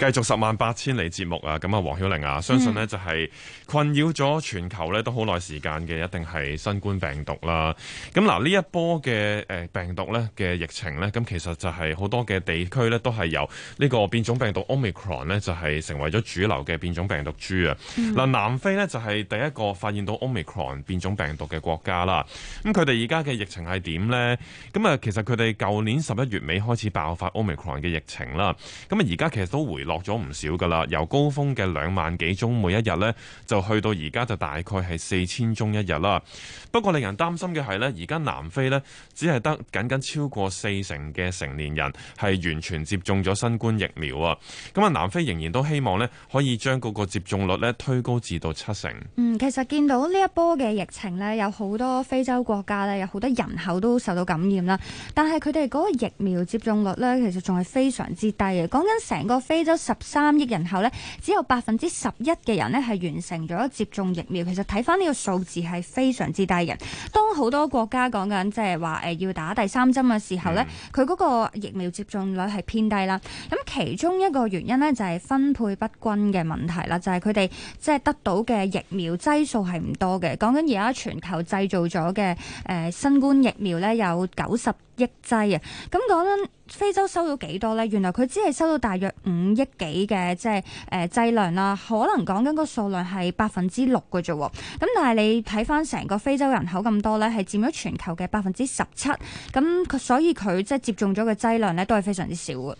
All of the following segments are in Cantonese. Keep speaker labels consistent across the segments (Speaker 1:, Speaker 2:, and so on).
Speaker 1: 繼續十萬八千里節目啊！咁啊，黃曉玲啊，相信呢就係困擾咗全球咧都好耐時間嘅，一定係新冠病毒啦。咁嗱，呢一波嘅誒病毒咧嘅疫情咧，咁其實就係好多嘅地區咧都係由呢個變種病毒 Omicron 咧就係成為咗主流嘅變種病毒株啊。嗱、嗯，南非呢就係第一個發現到 Omicron 變種病毒嘅國家啦。咁佢哋而家嘅疫情係點呢？咁啊，其實佢哋舊年十一月尾開始爆發 Omicron 嘅疫情啦。咁啊，而家其實都回落咗唔少噶啦，由高峰嘅兩萬幾宗，每一日呢就去到而家就大概係四千宗一日啦。不過令人擔心嘅係呢，而家南非呢，只係得僅僅超過四成嘅成年人係完全接種咗新冠疫苗啊。咁啊，南非仍然都希望呢，可以將嗰個接種率呢推高至到七成。
Speaker 2: 嗯，其實見到呢一波嘅疫情呢，有好多非洲國家呢，有好多人口都受到感染啦。但係佢哋嗰個疫苗接種率呢，其實仲係非常之低嘅。講緊成個非洲。十三億人口咧，只有百分之十一嘅人咧係完成咗接種疫苗。其實睇返呢個數字係非常之低嘅。當好多國家講緊即係話誒要打第三針嘅時候咧，佢嗰、嗯、個疫苗接種率係偏低啦。咁其中一個原因咧就係分配不均嘅問題啦，就係佢哋即係得到嘅疫苗劑數係唔多嘅。講緊而家全球製造咗嘅誒新冠疫苗咧有九十。疫劑啊，咁講緊非洲收到幾多呢？原來佢只係收到大約五億幾嘅，即係誒、呃、劑量啦。可能講緊個數量係百分之六嘅啫。咁但係你睇翻成個非洲人口咁多呢，係佔咗全球嘅百分之十七。咁所以佢即係接種咗嘅劑量呢，都係非常之少嘅。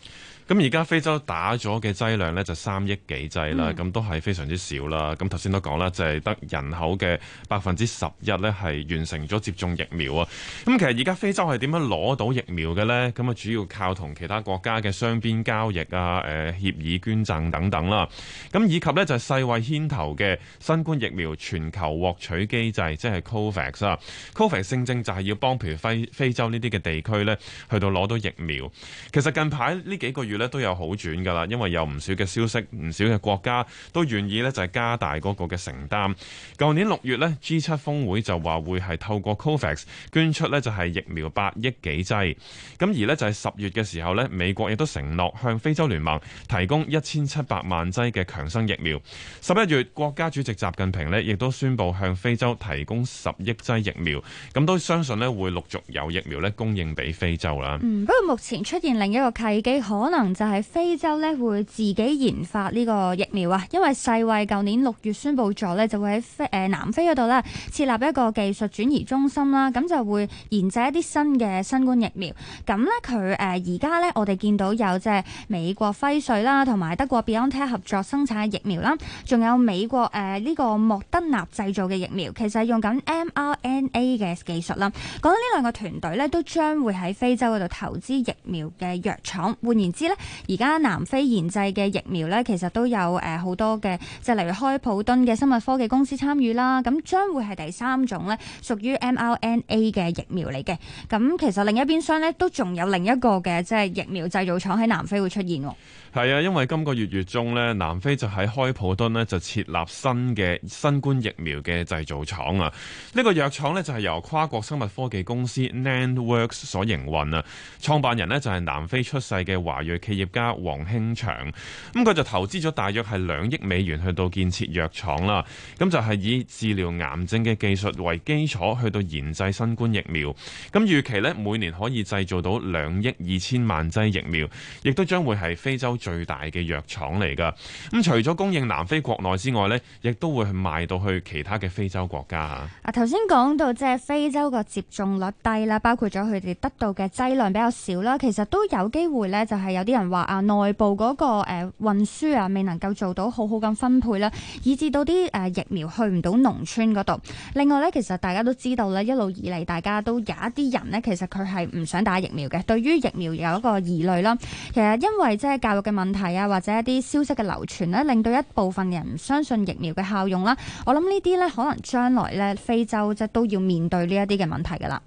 Speaker 1: 咁而家非洲打咗嘅劑量咧就三億幾劑啦，咁、嗯、都係非常之少啦。咁頭先都講啦，就係、是、得人口嘅百分之十一咧係完成咗接種疫苗啊。咁其實而家非洲係點樣攞到疫苗嘅咧？咁啊主要靠同其他國家嘅雙邊交易啊、誒協議捐贈等等啦。咁以及咧就係世衛牽頭嘅新冠疫苗全球獲取機制，即係 COVAX 啦 COVAX 正正就係、是、要幫譬如非非洲呢啲嘅地區咧，去到攞到疫苗。其實近排呢幾個月。咧都有好轉噶啦，因為有唔少嘅消息，唔少嘅國家都願意呢就係加大嗰個嘅承擔。舊年六月呢 G7 峰會就話會係透過 COVAX 捐出呢就係疫苗八億幾劑，咁而呢就係十月嘅時候呢，美國亦都承諾向非洲聯盟提供一千七百萬劑嘅強生疫苗。十一月國家主席習近平呢亦都宣布向非洲提供十億劑疫苗，咁都相信呢會陸續有疫苗呢供應俾非洲啦。嗯，
Speaker 2: 不過目前出現另一個契機，可能。就係非洲咧會自己研發呢個疫苗啊，因為世衛舊年六月宣布咗咧，就會喺非誒、呃、南非嗰度咧設立一個技術轉移中心啦，咁就會研製一啲新嘅新冠疫苗。咁咧佢誒而家咧我哋見到有即係美國輝瑞啦，同埋德國 Biontech 合作生產嘅疫苗啦，仲有美國誒呢、呃這個莫德納製造嘅疫苗，其實係用緊 mRNA 嘅技術啦。講到呢兩個團隊咧，都將會喺非洲嗰度投資疫苗嘅藥廠，換言之。而家南非研製嘅疫苗呢，其實都有誒好多嘅，即係例如開普敦嘅生物科技公司參與啦。咁將會係第三種呢屬於 mRNA 嘅疫苗嚟嘅。咁其實另一邊廂呢，都仲有另一個嘅，即係疫苗製造廠喺南非會出現。
Speaker 1: 係啊，因為今個月月中呢，南非就喺開普敦呢就設立新嘅新冠疫苗嘅製造廠啊。呢個藥廠呢就係由跨國生物科技公司 NanWorks 所營運啊。創辦人呢就係南非出世嘅華裔。企業家黃興祥，咁佢就投資咗大約係兩億美元去到建設藥廠啦，咁就係、是、以治療癌症嘅技術為基礎，去到研製新冠疫苗，咁預期呢，每年可以製造到兩億二千萬劑疫苗，亦都將會係非洲最大嘅藥廠嚟噶。咁除咗供應南非國內之外，呢亦都會去賣到去其他嘅非洲國家
Speaker 2: 吓。啊，頭先講到，即係非洲個接種率低啦，包括咗佢哋得到嘅劑量比較少啦，其實都有機會呢，就係有啲。啲人話啊，內部嗰、嗰個誒運輸啊，未能夠做到好好咁分配啦，以致到啲誒、呃、疫苗去唔到農村嗰度。另外咧，其實大家都知道咧，一路以嚟大家都有一啲人咧，其實佢係唔想打疫苗嘅，對於疫苗有一個疑慮啦。其實因為即係教育嘅問題啊，或者一啲消息嘅流傳咧、啊，令到一部分人唔相信疫苗嘅效用啦。我諗呢啲咧，可能將來咧非洲即都要面對呢一啲嘅問題噶啦。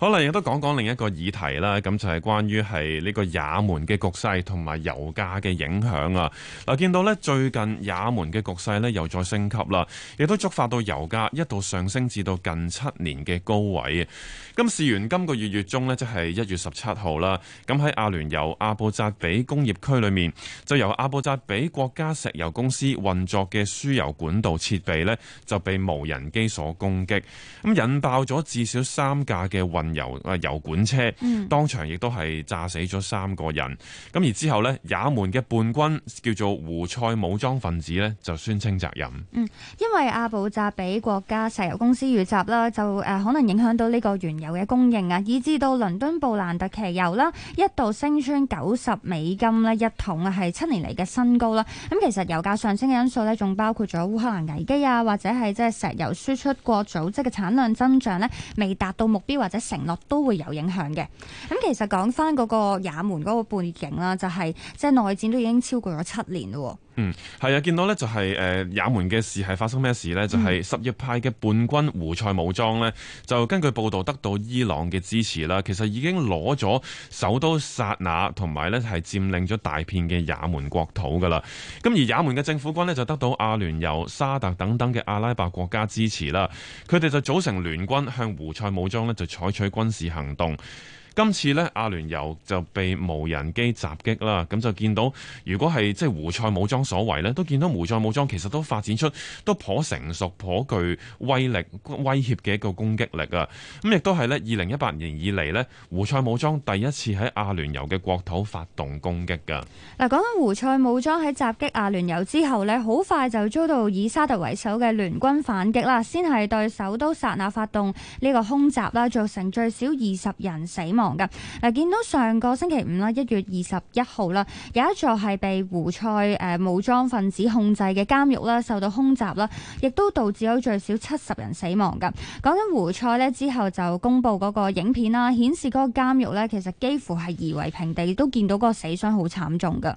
Speaker 1: 好啦，亦都講講另一個議題啦，咁就係、是、關於係呢個也門嘅局勢同埋油價嘅影響啊！嗱，見到呢最近也門嘅局勢呢又再升級啦，亦都觸發到油價一度上升至到近七年嘅高位。咁事緣今個月月中呢，即係一月十七號啦，咁喺阿聯酋阿布扎比工業區裏面，就由阿布扎比國家石油公司運作嘅輸油管道設備呢，就被無人機所攻擊，咁引爆咗至少三架嘅運油啊油管車，嗯、當場亦都係炸死咗三個人。咁而之後呢，也門嘅叛軍叫做胡塞武裝分子呢，就宣稱責任。嗯，
Speaker 2: 因為阿布扎比國家石油公司遇襲啦，就誒可能影響到呢個原油嘅供應啊，以致到倫敦布蘭特期油啦一度升穿九十美金呢一桶啊，係七年嚟嘅新高啦。咁其實油價上升嘅因素呢，仲包括咗烏克蘭危機啊，或者係即係石油輸出國組織嘅產量增長呢，未達到目標或者成。承諾都會有影響嘅。咁其實講翻嗰個也門嗰個背景啦，就係即係內戰都已經超過咗七年咯。
Speaker 1: 嗯，係啊，見到呢就係、是、誒、呃、也門嘅事係發生咩事呢？嗯、就係什葉派嘅叛軍胡塞武裝呢，就根據報道得到伊朗嘅支持啦。其實已經攞咗首都薩那，同埋呢係佔領咗大片嘅也門國土噶啦。咁而也門嘅政府軍呢，就得到阿聯酋、沙特等等嘅阿拉伯國家支持啦，佢哋就組成聯軍向胡塞武裝呢就採取軍事行動。今次咧，阿聯酋就被無人機襲擊啦，咁就見到如果係即係胡塞武裝所為咧，都見到胡塞武裝其實都發展出都頗成熟、頗具威力威脅嘅一個攻擊力啊！咁亦都係咧，二零一八年以嚟咧，胡塞武裝第一次喺阿聯酋嘅國土發動攻擊嘅。
Speaker 2: 嗱，講緊胡塞武裝喺襲擊阿聯酋之後咧，好快就遭到以沙特為首嘅聯軍反擊啦，先係對首都薩那發動呢個空襲啦，造成最少二十人死亡。噶，嗱，見到上個星期五啦，一月二十一號啦，有一座係被胡塞誒、呃、武裝分子控制嘅監獄啦，受到空襲啦，亦都導致咗最少七十人死亡噶。講緊胡塞咧之後就公布嗰個影片啦，顯示嗰個監獄咧其實幾乎係夷為平地，亦都見到個死傷好慘重噶。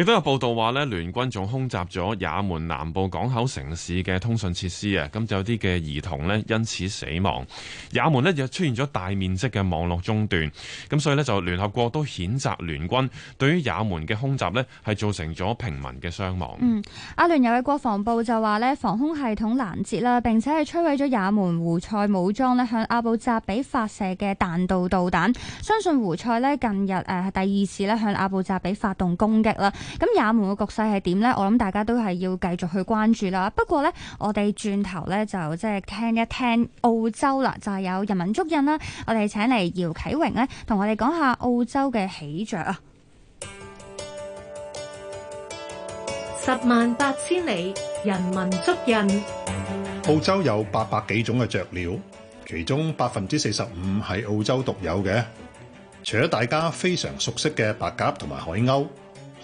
Speaker 1: 亦都有報道話咧，聯軍仲空襲咗也門南部港口城市嘅通訊設施啊，咁就有啲嘅兒童咧因此死亡。也門咧又出現咗大面積嘅網絡中斷，咁所以咧就聯合國都譴責聯軍對於也門嘅空襲咧係造成咗平民嘅傷亡。
Speaker 2: 嗯，阿聯酋嘅國防部就話咧防空系統攔截啦，並且係摧毀咗也門胡塞武裝咧向阿布扎比發射嘅彈道導彈。相信胡塞咧近日誒、呃、第二次咧向阿布扎比發動攻擊啦。咁也門嘅局勢係點呢？我諗大家都係要繼續去關注啦。不過呢，我哋轉頭呢，就即係聽一聽澳洲啦，就係有人民足印啦。我哋請嚟姚啟榮呢，同我哋講下澳洲嘅喜鵲啊！十萬八千
Speaker 3: 里，人民足印。
Speaker 4: 澳洲有八百幾種嘅雀鳥，其中百分之四十五係澳洲獨有嘅，除咗大家非常熟悉嘅白鴿同埋海鷗，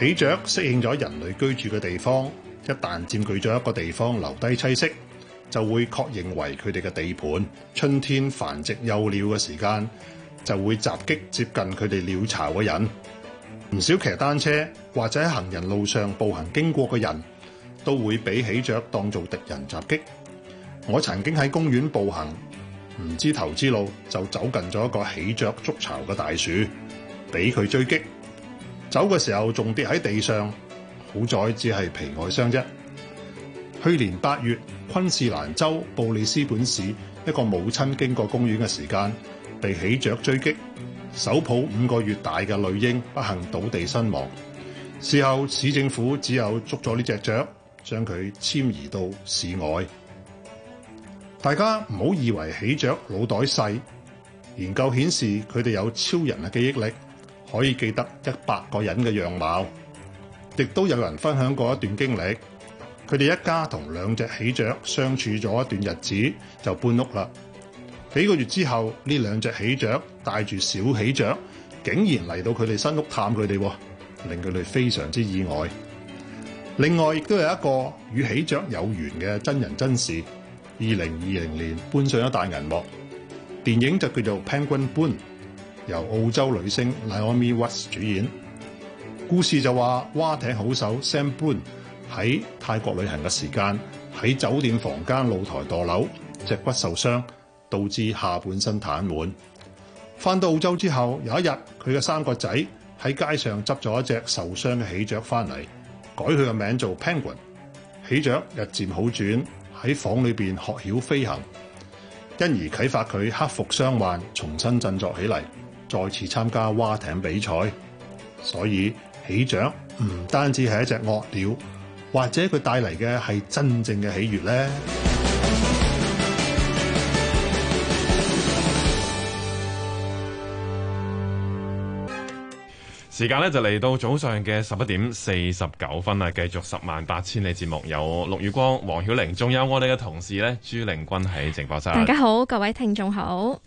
Speaker 4: 喜鵲適應咗人類居住嘅地方，一旦佔據咗一個地方留低棲息，就會確認為佢哋嘅地盤。春天繁殖幼鳥嘅時間，就會襲擊接近佢哋鳥巢嘅人。唔少騎單車或者喺行人路上步行經過嘅人都會俾喜鵲當做敵人襲擊。我曾經喺公園步行，唔知頭之路就走近咗一個喜鵲築巢嘅大樹，俾佢追擊。走嘅時候仲跌喺地上，好在只係皮外傷啫。去年八月，昆士蘭州布里斯本市一個母親經過公園嘅時間，被喜鵲追擊，手抱五個月大嘅女嬰不幸倒地身亡。事後市政府只有捉咗呢隻雀，將佢遷移到市外。大家唔好以為喜鵲腦袋細，研究顯示佢哋有超人嘅記憶力。可以記得一百個人嘅樣貌，亦都有人分享過一段經歷。佢哋一家同兩隻喜鵲相處咗一段日子，就搬屋啦。幾個月之後，呢兩隻喜鵲帶住小喜鵲，竟然嚟到佢哋新屋探佢哋，令佢哋非常之意外。另外，亦都有一個與喜鵲有緣嘅真人真事。二零二零年搬上咗大銀幕，電影就叫做《Penguin m 由澳洲女星 Naomi Watts 主演，故事就話蛙艇好手 Sam Boone 喺泰國旅行嘅時間喺酒店房間露台墮樓，只骨受傷，導致下半身癱瘓。翻到澳洲之後有一日，佢嘅三個仔喺街上執咗一隻受傷嘅喜鵲翻嚟，改佢嘅名做 Penguin。喜鵲日漸好轉，喺房裏邊學曉飛行，因而啟發佢克服傷患，重新振作起嚟。再次參加蛙艇比賽，所以喜鵲唔單止係一隻惡鳥，或者佢帶嚟嘅係真正嘅喜悅咧。
Speaker 1: 時間咧就嚟到早上嘅十一點四十九分啦，繼續十萬八千里節目，有陸宇光、黃曉玲，仲有我哋嘅同事咧朱令筠喺直播室。大家
Speaker 3: 好，各位聽眾好。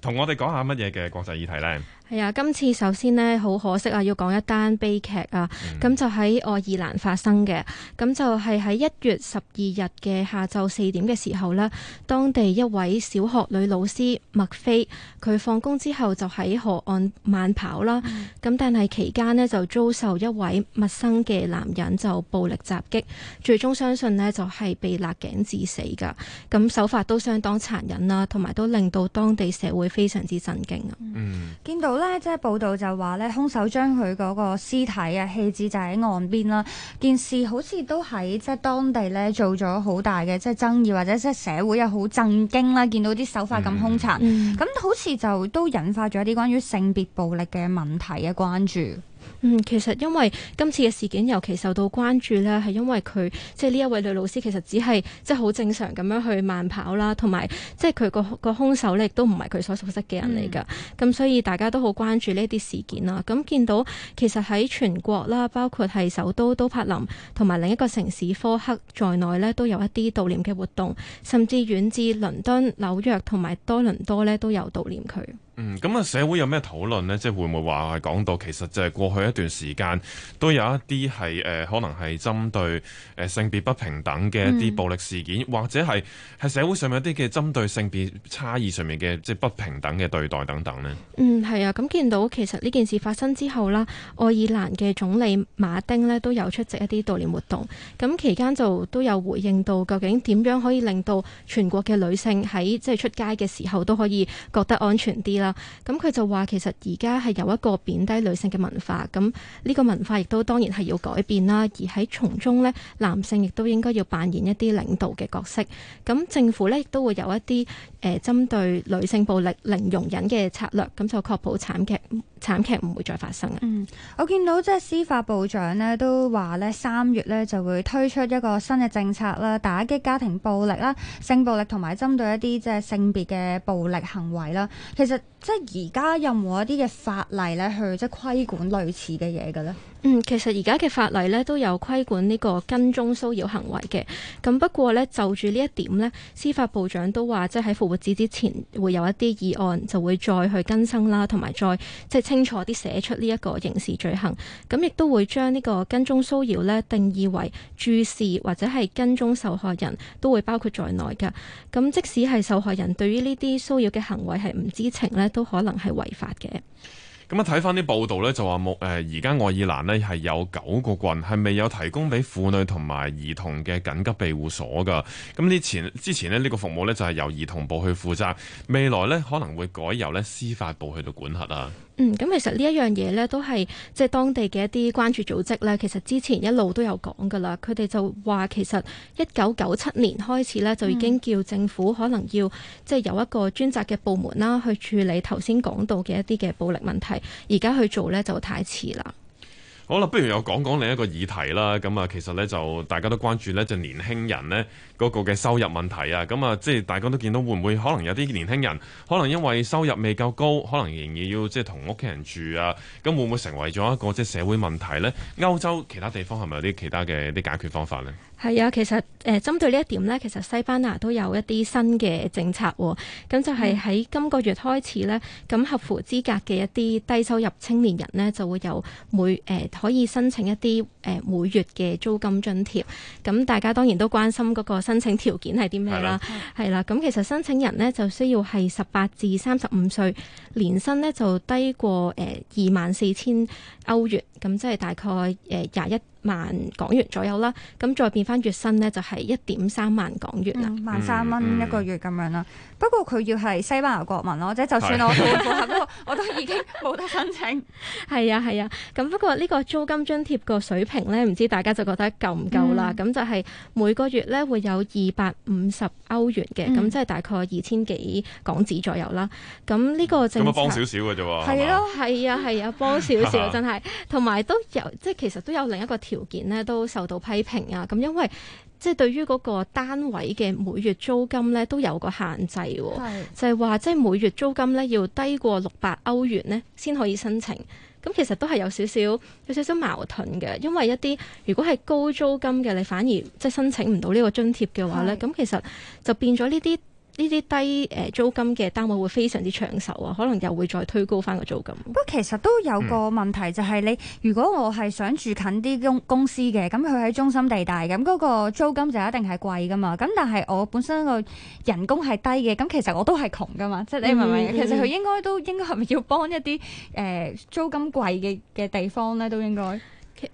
Speaker 1: 同我哋講下乜嘢嘅國際議題呢？
Speaker 3: 係啊，今次首先呢，好可惜啊，要講一單悲劇啊。咁、嗯嗯、就喺愛爾蘭發生嘅，咁就係喺一月十二日嘅下晝四點嘅時候呢，當地一位小學女老師麥菲，佢放工之後就喺河岸慢跑啦。咁、嗯、但係期間呢，就遭受一位陌生嘅男人就暴力襲擊，最終相信呢就係被勒頸致死噶。咁手
Speaker 2: 法都相當殘忍啦，同埋都令到當地。社會非常之震驚啊！嗯、見到咧，即係報道就話咧，兇手將佢嗰個屍體啊棄置就喺岸邊啦。件事好似都喺即係當地咧做咗好大嘅即係爭議，或者即係社會又好震驚啦。見到啲手法咁兇殘，咁、嗯嗯、好似就都引發咗一啲關於性別暴力嘅問題嘅關注。嗯，其實因為今次嘅事件尤其受到
Speaker 3: 關注咧，係因為佢即係呢一位女老師其實只係即係好正常咁樣去慢跑啦，同埋即係佢個個兇手咧亦都唔係佢所熟悉嘅人嚟㗎，咁、嗯嗯、所以大家都好關注呢啲事件啦。咁、嗯、見到其實喺全國啦，包括係首都都柏林同埋另一個城市科克在內咧，都有一啲悼念嘅活動，甚至遠至倫敦、紐約同埋多倫多咧都有悼念佢。
Speaker 1: 嗯，咁啊，社會有咩討論呢？即係會唔會話講到其實就係過去一段時間都有一啲係誒，可能係針對誒、呃、性別不平等嘅一啲暴力事件，嗯、或者係係社會上面一啲嘅針對性別差異上面嘅即係不平等嘅對待等等呢？嗯，
Speaker 3: 係啊，咁見到其實呢件事發生之後啦，愛爾蘭嘅總理馬丁呢都有出席一啲悼念活動，咁期間就都有回應到究竟點樣可以令到全國嘅女性喺即係出街嘅時候都可以覺得安全啲啦。咁佢就話其實而家係有一個貶低女性嘅文化，咁呢個文化亦都當然係要改變啦，而喺從中呢，男性亦都應該要扮演一啲領導嘅角色。咁政府呢亦都會有一啲誒針對女性暴力零容忍嘅策略，咁就確保慘劇慘劇唔會再發生啊。
Speaker 2: 嗯，我見到即係司法部長呢都話呢，三月呢就會推出一個新嘅政策啦，打擊家庭暴力啦、性暴力同埋針對一啲即係性別嘅暴力行為啦。其實。即係而家任何一啲嘅法例咧，去即係規管類似嘅嘢嘅咧？嗯，
Speaker 3: 其實而家嘅法例咧都有規管呢個跟蹤騷擾行為嘅。咁不過咧，就住呢一點咧，司法部長都話，即係喺復活節之前會有一啲議案，就會再去更新啦，同埋再即係清楚啲寫出呢一個刑事罪行。咁亦都會將呢個跟蹤騷擾咧定義為注視或者係跟蹤受害人，都會包括在內嘅。咁即使係受害人對於呢啲騷擾嘅行為係唔知情咧，都可能係違法嘅。
Speaker 1: 咁啊，睇翻啲報道呢，就話木誒，而家愛爾蘭咧係有九個郡係未有提供俾婦女同埋兒童嘅緊急庇護所噶。咁呢前之前咧呢個服務呢，就係由兒童部去負責，未來呢可能會改由咧司法部去到管轄啊。
Speaker 3: 嗯，咁其實呢一樣嘢咧，都係即係當地嘅一啲關注組織咧，其實之前一路都有講㗎啦。佢哋就話其實一九九七年開始咧，就已經叫政府可能要、嗯、即係有一個專責嘅部門啦，去處理頭先講到嘅一啲嘅暴力問題。而家去做咧就太遲啦。
Speaker 1: 好啦，不如又講講另一個議題啦。咁啊，其實呢，就大家都關注呢就年輕人呢嗰個嘅收入問題啊。咁啊，即係大家都見到會唔會可能有啲年輕人可能因為收入未夠高，可能仍然要即係同屋企人住啊。咁會唔會成為咗一個即係社會問題呢？歐洲其他地方係咪有啲其他嘅啲解決方法呢？
Speaker 3: 係啊，其實誒、呃、針對呢一點咧，其實西班牙都有一啲新嘅政策喎、哦。咁就係喺今個月開始咧，咁、嗯、合乎資格嘅一啲低收入青年人咧，就會有每誒、呃、可以申請一啲誒、呃、每月嘅租金津貼。咁大家當然都關心嗰個申請條件係啲咩啦，係啦的。咁其實申請人咧就需要係十八至三十五歲，年薪咧就低過誒二萬四千歐元，咁即係大概誒廿一。呃 21, 萬港元左右啦，咁再變翻月薪咧就係一點三萬港元啦，萬三蚊一個月咁樣啦。不過佢要係西班牙國民咯，即係就算我做，不
Speaker 2: 過我都已經冇得申請。
Speaker 3: 係啊係啊，咁不過呢個租金津貼個水平咧，唔知大家就覺得夠唔夠啦？咁就係每個月咧會有二百五十歐元嘅，咁即係大概二千幾港紙左右啦。咁呢個政府幫少少嘅啫喎。係咯，係啊，係啊，幫少少真係，同埋都有即係其實都有另一個。條件咧都受到批評啊，咁、嗯、因為即係對於嗰個單位嘅每月租金咧都有個限制喎、啊，是就係話即係每月租金咧要低過六百歐元咧先可以申請。咁、嗯、其實都係有少少有少少矛盾嘅，因為一啲如果係高租金嘅，你反而即係申請唔到呢個津貼嘅話咧，咁是、嗯、其實就變咗呢啲。呢啲低誒租金嘅單位會非常之搶手啊，可能又會再推高返個租金。
Speaker 2: 不過其實都有個問題，嗯、就係你如果我係想住近啲公公司嘅，咁佢喺中心地帶，咁嗰個租金就一定係貴㗎嘛。咁但係我本身個人工係低嘅，咁其實我都係窮㗎嘛。即係、嗯、你明唔明？嗯、其實佢應該都應該係咪要幫一啲誒、呃、租金貴嘅嘅地方咧，都應該。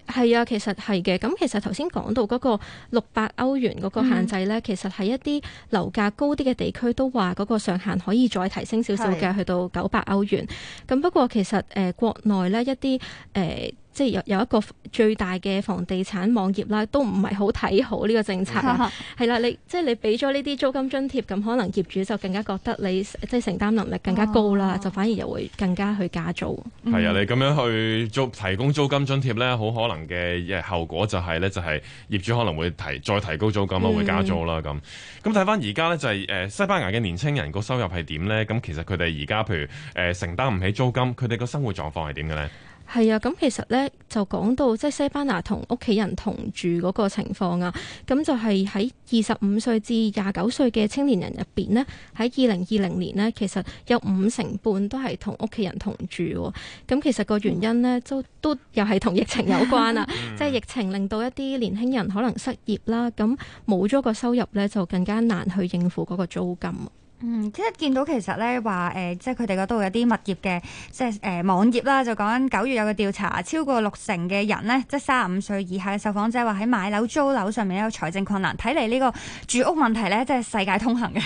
Speaker 2: 係
Speaker 3: 啊，其實係嘅。咁其實頭先講到嗰個六百歐元嗰個限制呢，嗯、其實係一啲樓價高啲嘅地區都話嗰個上限可以再提升少少嘅，係去到九百歐元。咁不過其實誒、呃，國內呢一啲誒。呃即係有有一個最大嘅房地產網頁啦，都唔係好睇好呢個政策啊。係啦， 你即係你俾咗呢啲租金津貼，咁可能業主就更加覺得你即係承擔能力更加高啦，哦、就反而又會更加去加租。
Speaker 1: 係啊、嗯嗯，你咁樣去提供租金津貼咧，好可能嘅嘢後果就係、是、咧，就係、是、業主可能會提再提高租金啦，會加租啦咁。咁睇翻而家咧，就係、是、誒、呃、西班牙嘅年輕人個收入係點咧？咁其實佢哋而家譬如誒、呃呃、承擔唔起租金，佢哋個生活狀況係點嘅咧？
Speaker 3: 係啊，咁其實咧就講到即係西班牙同屋企人同住嗰個情況啊，咁就係喺二十五歲至廿九歲嘅青年人入邊咧，喺二零二零年咧，其實有五成半都係同屋企人同住。咁其實個原因咧，都都又係同疫情有關啊， 即係疫情令到一啲年輕人可能失業啦，咁冇咗個收入咧，就更加難去應付嗰個租金。
Speaker 2: 嗯，即係見到其實咧，話、呃、誒，即係佢哋嗰度有啲物業嘅，即係誒、呃、網頁啦，就講緊九月有個調查，超過六成嘅人咧，即係三十五歲以下嘅受訪者話喺買樓、租樓上面有財政困難，睇嚟呢個住屋問題咧，即係世界通行嘅。